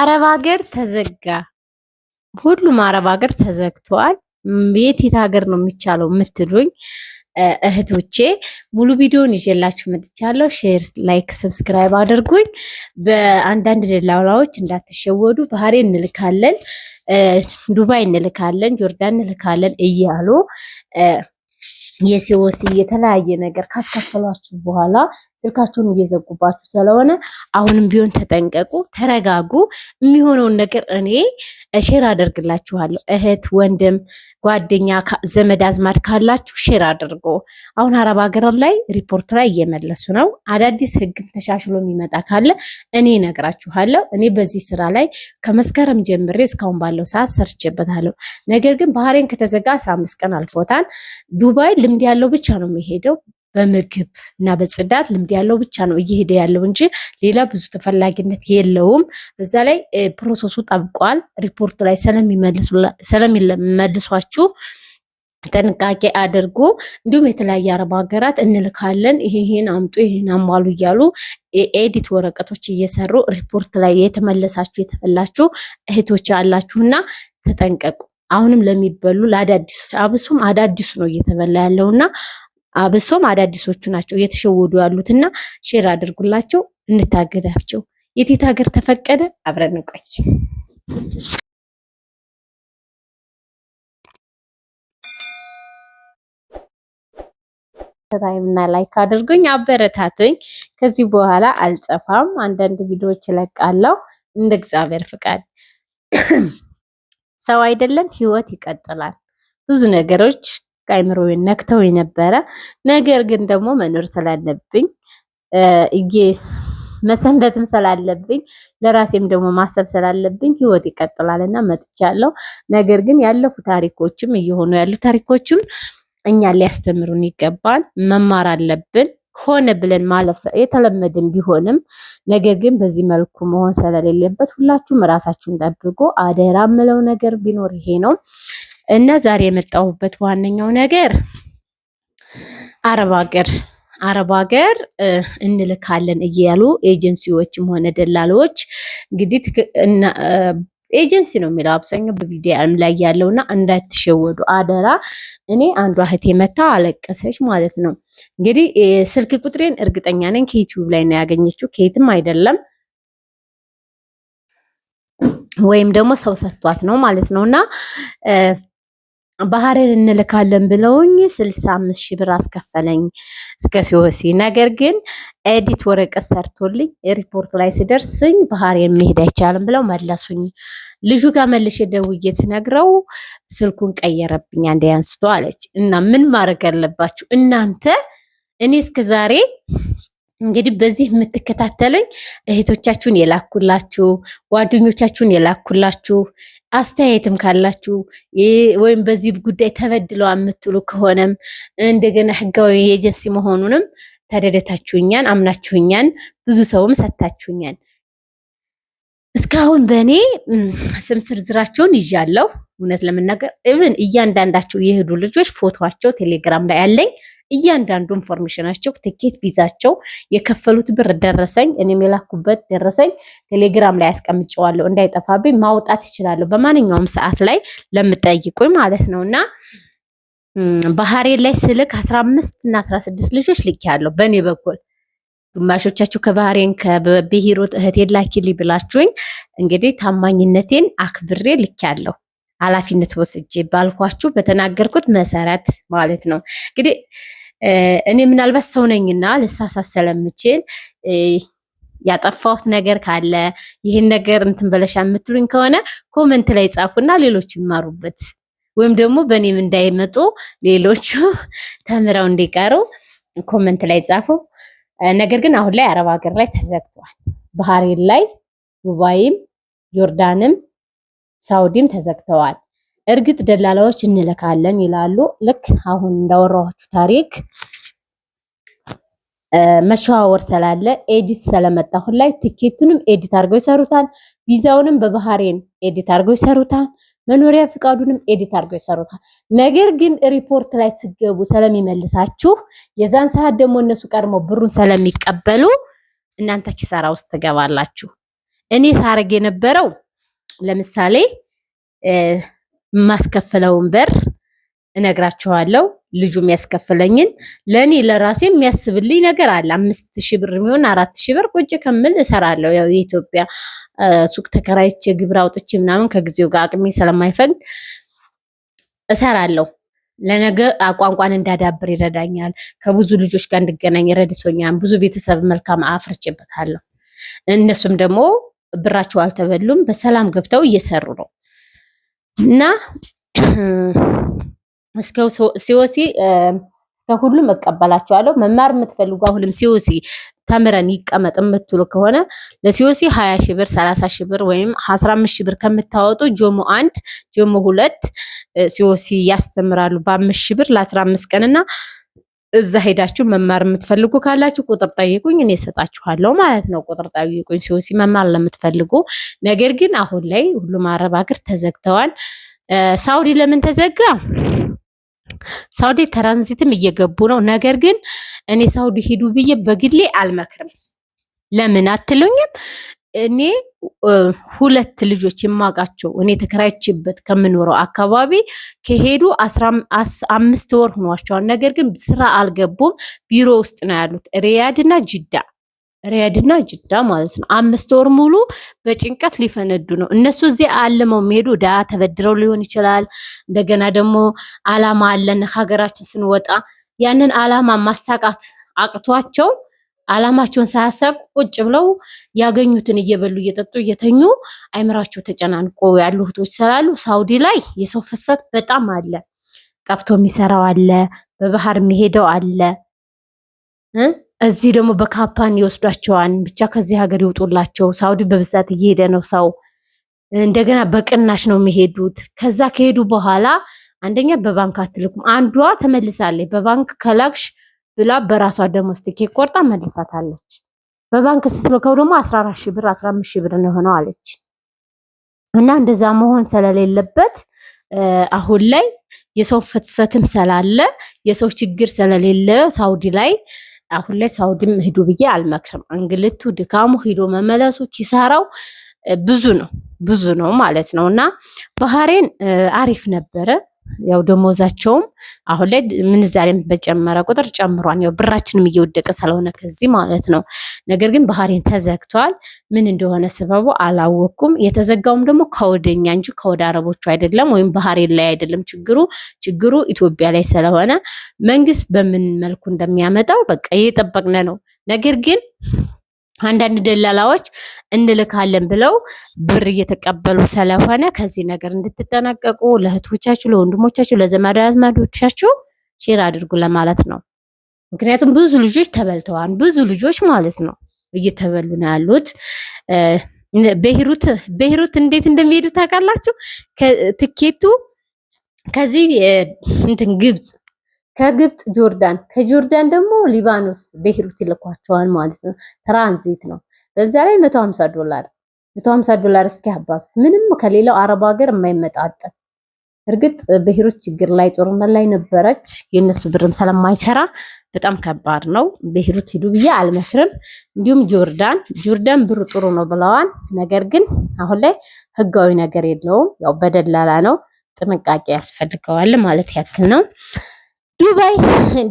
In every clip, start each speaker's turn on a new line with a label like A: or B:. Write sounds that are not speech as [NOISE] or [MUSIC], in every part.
A: አረብ ሀገር ተዘጋ። ሁሉም አረብ ሀገር ተዘግቷል። የት ሀገር ነው የሚቻለው የምትሉኝ እህቶቼ ሙሉ ቪዲዮን ይዤላችሁ መጥቻለሁ። ሼር፣ ላይክ፣ ሰብስክራይብ አድርጉኝ። በአንዳንድ ደላላዎች እንዳትሸወዱ ባህሬ እንልካለን፣ ዱባይ እንልካለን፣ ጆርዳን እንልካለን እያሉ የሲወሲ የተለያየ ነገር ካስከፈሏችሁ በኋላ ስልካችሁን እየዘጉባችሁ ስለሆነ አሁንም ቢሆን ተጠንቀቁ፣ ተረጋጉ። የሚሆነውን ነገር እኔ ሼር አደርግላችኋለሁ። እህት ወንድም፣ ጓደኛ፣ ዘመድ አዝማድ ካላችሁ ሼር አድርጎ አሁን አረብ ሀገር ላይ ሪፖርት ላይ እየመለሱ ነው። አዳዲስ ህግም ተሻሽሎ የሚመጣ ካለ እኔ ነግራችኋለሁ እኔ በዚህ ስራ ላይ ከመስከረም ጀምሬ እስካሁን ባለው ሰዓት ሰርቼበታለሁ። ነገር ግን ባህሬን ከተዘጋ አስራ አምስት ቀን አልፎታል። ዱባይ ልምድ ያለው ብቻ ነው የሚሄደው። በምግብ እና በጽዳት ልምድ ያለው ብቻ ነው እየሄደ ያለው እንጂ ሌላ ብዙ ተፈላጊነት የለውም። በዛ ላይ ፕሮሰሱ ጠብቋል። ሪፖርት ላይ ስለሚመልሷችሁ ጥንቃቄ አድርጉ። እንዲሁም የተለያየ አረብ ሀገራት እንልካለን ይሄ ይሄን አምጡ ይሄን አሟሉ እያሉ ኤዲት ወረቀቶች እየሰሩ ሪፖርት ላይ የተመለሳችሁ የተፈላችሁ እህቶች እና ተጠንቀቁ። አሁንም ለሚበሉ ለአዳዲሱ አብሶም አዳዲሱ ነው እየተበላ ያለውና አብሶም አዳዲሶቹ ናቸው እየተሸወዱ ያሉትና ሼር አድርጉላቸው፣ እንታገዳቸው። የቴት ሀገር ተፈቀደ? አብረን እንቆይ። ሰብስክራይብ እና ላይክ አድርጉኝ፣ አበረታቱኝ። ከዚህ በኋላ አልጸፋም፣ አንዳንድ ቪዲዮዎች እለቃለሁ እንደ እግዚአብሔር ፍቃድ ሰው አይደለም፣ ህይወት ይቀጥላል። ብዙ ነገሮች አይምሮዬን ነክተው የነበረ ነገር ግን ደግሞ መኖር ስላለብኝ እጌ መሰንበትም ስላለብኝ ለራሴም ደግሞ ማሰብ ስላለብኝ ህይወት ይቀጥላል እና መጥቻለሁ። ነገር ግን ያለፉ ታሪኮችም እየሆኑ ያሉ ታሪኮችም እኛ ሊያስተምሩን ይገባል። መማር አለብን። ከሆነ ብለን ማለፍ የተለመድን ቢሆንም ነገር ግን በዚህ መልኩ መሆን ስለሌለበት ሁላችሁም ራሳችሁን ጠብቆ አደራ ምለው ነገር ቢኖር ይሄ ነው እና ዛሬ የመጣሁበት ዋነኛው ነገር አረብ ሀገር አረብ ሀገር እንልካለን እያሉ ኤጀንሲዎችም ሆነ ደላሎች እንግዲህ ኤጀንሲ ነው የሚለው አብዛኛው በቪዲዮም ላይ ያለውና እንዳትሸወዱ አደራ። እኔ አንዷ እህቴ መታ አለቀሰች ማለት ነው። እንግዲህ ስልክ ቁጥሬን እርግጠኛ ነኝ ከዩቲዩብ ላይ ነው ያገኘችው፣ ከየትም አይደለም ወይም ደግሞ ሰው ሰጥቷት ነው ማለት ነውና ባህሬን እንልካለን ብለውኝ ስልሳ አምስት ሺህ ብር አስከፈለኝ እስከ ሲወሲ። ነገር ግን ኤዲት ወረቀት ሰርቶልኝ ሪፖርት ላይ ሲደርስኝ ባህሬን መሄድ አይቻልም ብለው መለሱኝ። ልጁ ጋር መልሼ ደውዬ ስነግረው ስልኩን ቀየረብኝ አንዴ አንስቶ አለች እና ምን ማድረግ አለባችሁ እናንተ እኔ እስከ ዛሬ እንግዲህ በዚህ የምትከታተለኝ እህቶቻችሁን የላኩላችሁ ጓደኞቻችሁን የላኩላችሁ አስተያየትም ካላችሁ ወይም በዚህ ጉዳይ ተበድለው የምትሉ ከሆነም እንደገና ህጋዊ ኤጀንሲ መሆኑንም ተደደታችሁኛን፣ አምናችሁኛን፣ ብዙ ሰውም ሰታችሁኛን። እስካሁን በእኔ ስም ዝርዝራቸውን ይዣለሁ። እውነት ለመናገር ኢቭን እያንዳንዳቸው የሄዱ ልጆች ፎቶቸው ቴሌግራም ላይ ያለኝ እያንዳንዱ ኢንፎርሜሽናቸው፣ ትኬት፣ ቪዛቸው፣ የከፈሉት ብር ደረሰኝ፣ እኔም የላኩበት ደረሰኝ ቴሌግራም ላይ ያስቀምጨዋለሁ እንዳይጠፋብኝ ማውጣት ይችላለሁ በማንኛውም ሰዓት ላይ ለምጠይቁኝ ማለት ነው እና ባህሬን ላይ ስልክ አስራ አምስት እና አስራ ስድስት ልጆች ያለው በእኔ በኩል ግማሾቻችሁ ከባህሬን ከብሄሮት እህቴን ላኪልኝ ብላችሁኝ እንግዲህ ታማኝነቴን አክብሬ ያለው ኃላፊነት ወስጄ ባልኳችሁ በተናገርኩት መሰረት ማለት ነው እንግዲህ እኔ ምናልባት ሰው ነኝና ልሳሳት ስለምችል ያጠፋሁት ነገር ካለ ይህን ነገር እንትን በለሻ የምትሉኝ ከሆነ ኮመንት ላይ ጻፉና ሌሎች ይማሩበት ወይም ደግሞ በእኔም እንዳይመጡ ሌሎቹ [LAUGHS] ተምረው እንዲቀሩ ኮመንት ላይ ጻፉ። ነገር ግን አሁን ላይ አረብ ሀገር ላይ ተዘግቷል። ባህሬን ላይ፣ ዱባይም፣ ዮርዳንም ሳውዲም ተዘግተዋል። እርግጥ ደላላዎች እንልካለን ይላሉ። ልክ አሁን እንዳወራኋችሁ ታሪክ መሸዋወር ስላለ ኤዲት ስለመጣ አሁን ላይ ትኬቱንም ኤዲት አድርገው ይሰሩታል። ቪዛውንም በባህሬን ኤዲት አድርገው ይሰሩታል። መኖሪያ ፍቃዱንም ኤዲት አድርገው ይሰሩታል። ነገር ግን ሪፖርት ላይ ስገቡ ስለሚመልሳችሁ የዛን ሰዓት ደግሞ እነሱ ቀድሞ ብሩን ስለሚቀበሉ እናንተ ኪሳራ ውስጥ ትገባላችሁ። እኔ ሳረግ የነበረው ለምሳሌ የማስከፍለውን ብር እነግራችኋለሁ። ልጁ የሚያስከፍለኝን ለእኔ ለራሴ የሚያስብልኝ ነገር አለ። አምስት ሺህ ብር የሚሆን አራት ሺህ ብር ቁጭ ከምል እሰራለሁ። ያው የኢትዮጵያ ሱቅ ተከራይቼ ግብር አውጥቼ ምናምን ከጊዜው ጋር አቅሜ ስለማይፈልግ እሰራለሁ። ለነገ ቋንቋን እንዳዳብር ይረዳኛል። ከብዙ ልጆች ጋር እንድገናኝ ረድቶኛል። ብዙ ቤተሰብ መልካም አፍርቼበታለሁ። እነሱም ደግሞ ብራቸው አልተበሉም፣ በሰላም ገብተው እየሰሩ ነው። እና እስከ ሲወሲ ከሁሉም እቀበላቸዋለሁ። መማር የምትፈልጉ አሁንም ሲወሲ ተምረን ይቀመጥ የምትሉ ከሆነ ለሲወሲ 20 ሺህ ብር፣ 30 ሺህ ብር ወይም 15 ሺህ ብር ከምታወጡ ጆሞ አንድ ጆሞ ሁለት ሲወሲ ያስተምራሉ በአምስት ሺህ ብር ለ15 እና እዛ ሄዳችሁ መማር የምትፈልጉ ካላችሁ ቁጥር ጠይቁኝ፣ እኔ እሰጣችኋለሁ ማለት ነው። ቁጥር ጠይቁኝ ሲሆን ሲመማር ለምትፈልጉ ነገር ግን አሁን ላይ ሁሉም አረብ ሀገር ተዘግተዋል። ሳውዲ ለምን ተዘጋ? ሳውዲ ትራንዚትም እየገቡ ነው። ነገር ግን እኔ ሳውዲ ሂዱ ብዬ በግሌ አልመክርም። ለምን አትሉኝም? እኔ ሁለት ልጆች የማውቃቸው እኔ ተከራይቼበት ከምኖረው አካባቢ ከሄዱ አምስት ወር ሆኗቸዋል። ነገር ግን ስራ አልገቡም። ቢሮ ውስጥ ነው ያሉት ሪያድና ጅዳ ሪያድና ጅዳ ማለት ነው። አምስት ወር ሙሉ በጭንቀት ሊፈነዱ ነው። እነሱ እዚህ አልመው የሚሄዱ ዳ ተበድረው ሊሆን ይችላል። እንደገና ደግሞ አላማ አለን ሀገራችን ስንወጣ ያንን አላማ ማሳቃት አቅቷቸው አላማቸውን ሳያሳቁ ቁጭ ብለው ያገኙትን እየበሉ እየጠጡ እየተኙ አይምራቸው ተጨናንቆ ያሉ እህቶች ስላሉ ሳውዲ ላይ የሰው ፍሰት በጣም አለ። ጠፍቶ የሚሰራው አለ፣ በባህር የሚሄደው አለ። እዚህ ደግሞ በካፓን ይወስዷቸዋል። ብቻ ከዚህ ሀገር ይውጡላቸው። ሳውዲ በብዛት እየሄደ ነው ሰው። እንደገና በቅናሽ ነው የሚሄዱት። ከዛ ከሄዱ በኋላ አንደኛ በባንክ አትልኩም። አንዷ ተመልሳለች። በባንክ ከላክሽ ብላ በራሷ ደሞዝ ትኬት ቆርጣ መልሳታለች። በባንክ ስትልከው ደግሞ 14 ሺህ ብር 15 ሺህ ብር ነው የሆነው አለች። እና እንደዛ መሆን ስለሌለበት አሁን ላይ የሰው ፍትሰትም ስላለ የሰው ችግር ስለሌለ ሳውዲ ላይ አሁን ላይ ሳውዲም ሂዱ ብዬ አልመክርም። እንግልቱ፣ ድካሙ፣ ሂዶ መመለሱ፣ ኪሳራው ብዙ ነው ብዙ ነው ማለት ነው እና ባህሬን አሪፍ ነበረ። ያው ደሞዛቸውም አሁን ላይ ምንዛሬም በጨመረ ቁጥር ጨምሯል። ያው ብራችንም እየወደቀ ስለሆነ ከዚህ ማለት ነው። ነገር ግን ባህሬን ተዘግቷል። ምን እንደሆነ ስበቡ አላወቅኩም። የተዘጋውም ደግሞ ከወደኛ እንጂ ከወደ አረቦቹ አይደለም፣ ወይም ባህሬን ላይ አይደለም። ችግሩ ችግሩ ኢትዮጵያ ላይ ስለሆነ መንግስት በምን መልኩ እንደሚያመጣው በቃ እየጠበቅን ነው። ነገር ግን አንዳንድ ደላላዎች እንልካለን ብለው ብር እየተቀበሉ ስለሆነ ከዚህ ነገር እንድትጠነቀቁ ለእህቶቻችሁ፣ ለወንድሞቻችሁ፣ ለዘመድ አዝማዶቻችሁ ሼር አድርጉ ለማለት ነው። ምክንያቱም ብዙ ልጆች ተበልተዋል። ብዙ ልጆች ማለት ነው እየተበሉ ነው ያሉት። ቤይሩት እንዴት እንደሚሄዱ ታውቃላችሁ? ትኬቱ ከዚህ እንትን ግብፅ ከግብፅ ጆርዳን፣ ከጆርዳን ደግሞ ሊባኖስ በሂሩት ይልኳቸዋል ማለት ነው። ትራንዚት ነው። በዛ ላይ 150 ዶላር 150 ዶላር እስኪ አባስ ምንም ከሌላው አረብ ሀገር የማይመጣጠን። እርግጥ በሂሩት ችግር ላይ ጦርነት ላይ ነበረች። የእነሱ ብርም ስለማይሰራ በጣም ከባድ ነው። በሂሩት ሂዱ ብዬ አልመስርም። እንዲሁም ጆርዳን ጆርዳን ብሩ ጥሩ ነው ብለዋል። ነገር ግን አሁን ላይ ህጋዊ ነገር የለውም። ያው በደላላ ነው። ጥንቃቄ ያስፈልገዋል ማለት ያክል ነው። ዱባይ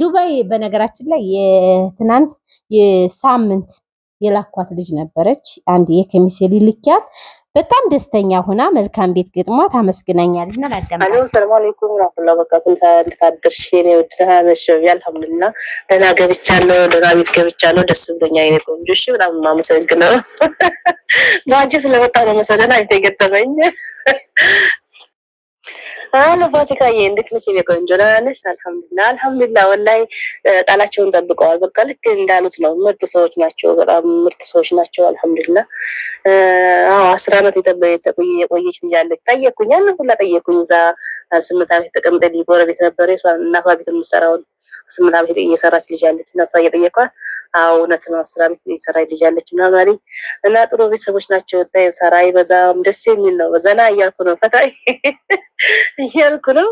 A: ዱባይ በነገራችን ላይ የትናንት የሳምንት የላኳት ልጅ ነበረች። አንድ የከሚሴ ልልኪያት በጣም ደስተኛ ሆና መልካም ቤት ገጥሟ ታመስግናኛለች። ና ላዳምአለም ሰላም አለይኩም ራሁላ በቃቱ እንድታደርሽ ኔ ወድታመሸብ አልሐምዱሊላ ደህና ገብቻለሁ፣ ደህና ቤት ገብቻለሁ። ደስ ብሎኛ ይኔ ቆንጆ እሺ፣ በጣም ማመሰግነው በአንቺ ስለመጣ ነው መሰለህ አይተ የገጠመኝ አሉ ፋሲካዬ፣ እንዴት ነሽ? እኔ ቆንጆ ደህና ነሽ? አልሐምዱሊላህ አልሐምዱሊላህ። ወላሂ ቃላቸውን ጠብቀዋል። በቃ ልክ እንዳሉት ነው። ምርጥ ሰዎች ናቸው። በጣም ምርጥ ሰዎች ናቸው። አልሐምዱሊላህ። አዎ አስር አመት የቆየች ልጅ አለች። ጠየኩኝ፣ ያን ሁላ ጠየኩኝ። እዛ ስምንት አመት የተቀምጠ ልጅ ጎረቤት ነበረ። እናቷ ቤት የምትሰራውን ስምንት አመት ልጅ አለች እና እሷ እየጠየኳት እውነት ነው። አስራ ቤት የሰራ ልጅ አለች ምናምን አለኝ እና ጥሩ ቤተሰቦች ናቸው። ወጣ ሰራይ በዛም ደስ የሚል ነው። ዘና እያልኩ ነው፣ ፈታ [LAUGHS] እያልኩ ነው።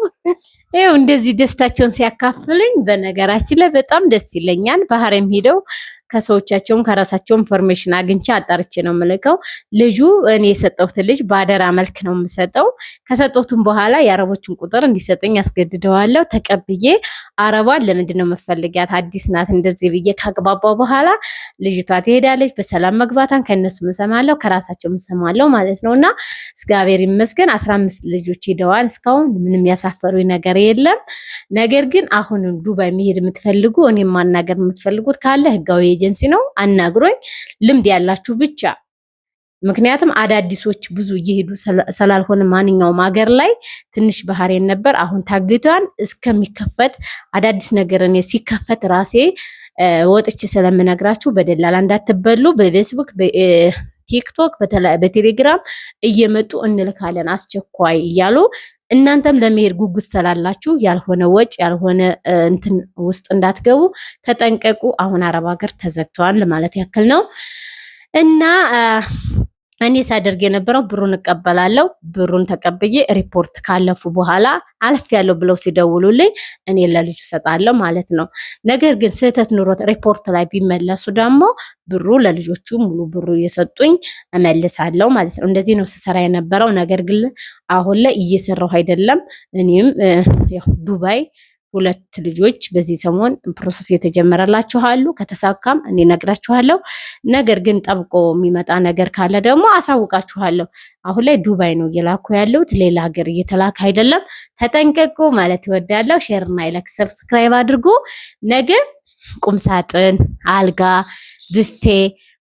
A: ይኸው እንደዚህ ደስታቸውን ሲያካፍልኝ በነገራችን ላይ በጣም ደስ ይለኛል። ባህርም ሄደው ከሰዎቻቸውም ከራሳቸውም ኢንፎርሜሽን አግኝቼ አጣርቼ ነው የምልከው። ልጁ እኔ የሰጠሁትን ልጅ በአደራ መልክ ነው የምሰጠው። ከሰጠሁትም በኋላ የአረቦችን ቁጥር እንዲሰጠኝ ያስገድደዋለሁ። ተቀብዬ አረቧን ለምንድን ነው መፈልጊያት አዲስ ናት እንደዚህ ብዬ ካግባባ በኋላ ልጅቷ ትሄዳለች። በሰላም መግባታን ከእነሱ ምሰማለው ከራሳቸው ምሰማለው ማለት ነው እና እግዚአብሔር ይመስገን አስራ አምስት ልጆች ሄደዋል። እስካሁን ምንም ያሳፈሩ ነገር የለም። ነገር ግን አሁንም ዱባይ መሄድ የምትፈልጉ እኔ ማናገር የምትፈልጉት ካለ ህጋዊ ኤጀንሲ ነው አናግሮኝ ልምድ ያላችሁ ብቻ ምክንያቱም አዳዲሶች ብዙ እየሄዱ ስላልሆነ ማንኛውም ሀገር ላይ ትንሽ ባህሬን ነበር። አሁን ታግቷን እስከሚከፈት አዳዲስ ነገር እኔ ሲከፈት ራሴ ወጥቼ ስለምነግራችሁ በደላላ እንዳትበሉ። በፌስቡክ ቲክቶክ፣ በቴሌግራም እየመጡ እንልካለን አስቸኳይ እያሉ እናንተም ለመሄድ ጉጉት ስላላችሁ ያልሆነ ወጪ ያልሆነ እንትን ውስጥ እንዳትገቡ ተጠንቀቁ። አሁን አረብ ሀገር ተዘግተዋል ማለት ያክል ነው እና እኔ ሳደርግ የነበረው ብሩን እቀበላለሁ። ብሩን ተቀብዬ ሪፖርት ካለፉ በኋላ አለፍ ያለው ብለው ሲደውሉልኝ እኔ ለልጁ እሰጣለሁ ማለት ነው። ነገር ግን ስህተት ኑሮት ሪፖርት ላይ ቢመለሱ ደግሞ ብሩ ለልጆቹ ሙሉ ብሩ እየሰጡኝ እመልሳለሁ ማለት ነው። እንደዚህ ነው ስሰራ የነበረው። ነገር ግን አሁን ላይ እየሰራሁ አይደለም። እኔም ዱባይ ሁለት ልጆች በዚህ ሰሞን ፕሮሰስ የተጀመረላችሁ አሉ። ከተሳካም እኔ ነግራችኋለሁ። ነገር ግን ጠብቆ የሚመጣ ነገር ካለ ደግሞ አሳውቃችኋለሁ። አሁን ላይ ዱባይ ነው እየላኩ ያለሁት፣ ሌላ ሀገር እየተላከ አይደለም። ተጠንቀቁ ማለት እወዳለሁ። ሼርና ላይክ፣ ሰብስክራይብ አድርጉ። ነገ ቁምሳጥን፣ አልጋ፣ ብፌ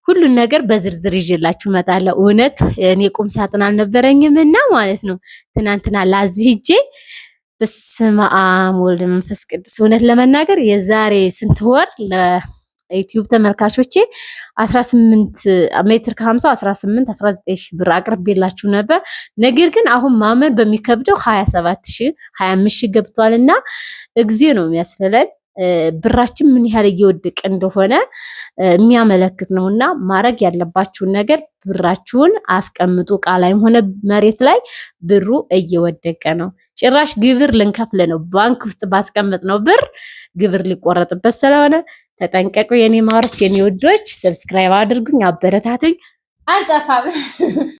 A: ሁሉን ነገር በዝርዝር ይዤላችሁ እመጣለሁ። እውነት እኔ ቁምሳጥን አልነበረኝም እና ማለት ነው ትናንትና ላዚህ እጄ በስመ አብ ወልድ መንፈስ ቅዱስ። እውነት ለመናገር የዛሬ ስንት ወር ለዩቲዩብ ተመልካቾቼ 18 ሜትር ከ50 18 19 ሺህ ብር አቅርቤላችሁ ነበር። ነገር ግን አሁን ማመን በሚከብደው 27 ሺህ 25 ሺህ ገብቷልና እግዚኦ ነው የሚያስፈለን። ብራችን ምን ያህል እየወደቀ እንደሆነ የሚያመለክት ነው እና ማድረግ ያለባችሁን ነገር ብራችሁን አስቀምጡ። እቃ ላይም ሆነ መሬት ላይ ብሩ እየወደቀ ነው። ጭራሽ ግብር ልንከፍል ነው። ባንክ ውስጥ ነው ብር ግብር ሊቆረጥበት ስለሆነ ተጠንቀቁ። የኔ ማሮች፣ የኔ ውዶች፣ ሰብስክራይብ አድርጉኝ፣ አበረታትኝ። አልጠፋም። [LAUGHS]